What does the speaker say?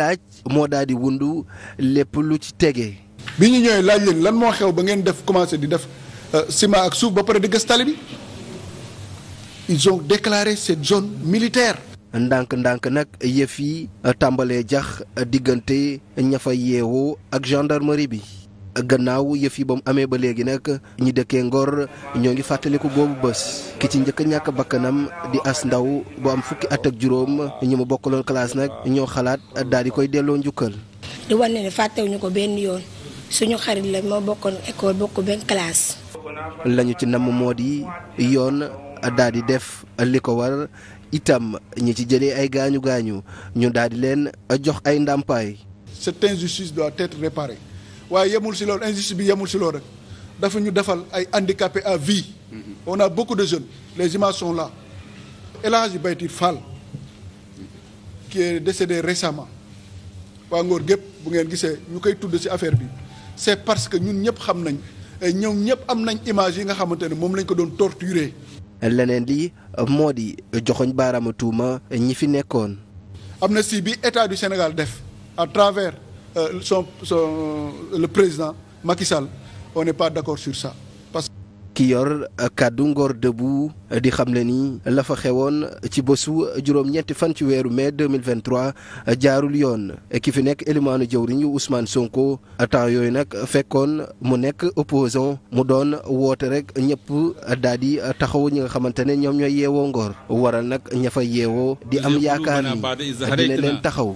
laaj moo daal di wundu lépp lu ci tege. bi ñu ñëwee laaj leen lan moo xew ba ngeen def commencé di def euh, ciment ak suuf ba pare di gas tali bi ils ont déclaré cette zone militaire. ndànk-ndànk nag yëf tàmbalee jax diggante ña fa yeewoo ak gendarmerie bi. gannaaw yëf yi ba mu amee ba léegi nag ñi dëkkee Ngor ñoo ngi fàttaliku boobu bés ki ci njëkk ñàkk bakkanam di as ndaw bu am fukki at ak juróom ñi ma bokkaloon classe nag ñoo xalaat daal di koy delloo njukkal. di wane ne fàttewuñu ko benn yoon suñu xarit la moo bokk benn lañu ci namm moo di yoon daal di def li ko war itam ñi ci jëlee ay gaañu gaañu ñu daal di leen jox ay ndàmpaay. waaye yemul si loolu injustice bi yemul si loolu rek dafa ñu defal ay handicapés à vie mhm. on a beaucoup de jeunes les images sont là El Hadji Baytir Fall qui est décédé récemment waa Ngor gépp bu ngeen gisee ñu koy tudd si affaire bi c'est parce que ñun ñëpp xam nañ ñëw ñëpp am nañ image yi nga xamante ne moom lañ ko doon torturer. leneen li moo di joxoñ baaraama tuuma ñi fi nekkoon. am na amnistie bi état du Sénégal def à travers. Euh, son, son, le président Macky Sall on n'est pas d'accord sur ça. ki yor euh, kàddu Ngor Debout euh, di xam xamle ni la fa xewoon ci bésu juróom-ñetti fan ci weeru mai 2023 jaarul yoon ki fi nekk élimaanu jëwriñ yu Ousmane Sonko temps yooyu nag fekkoon mu nekk opposant mu doon woote rek ñëpp daal di taxaw ñi nga xamante ne ñoom ñooy yeewoo Ngor waral nag ña fa yeewoo di am yaakaar ni dina leen taxaw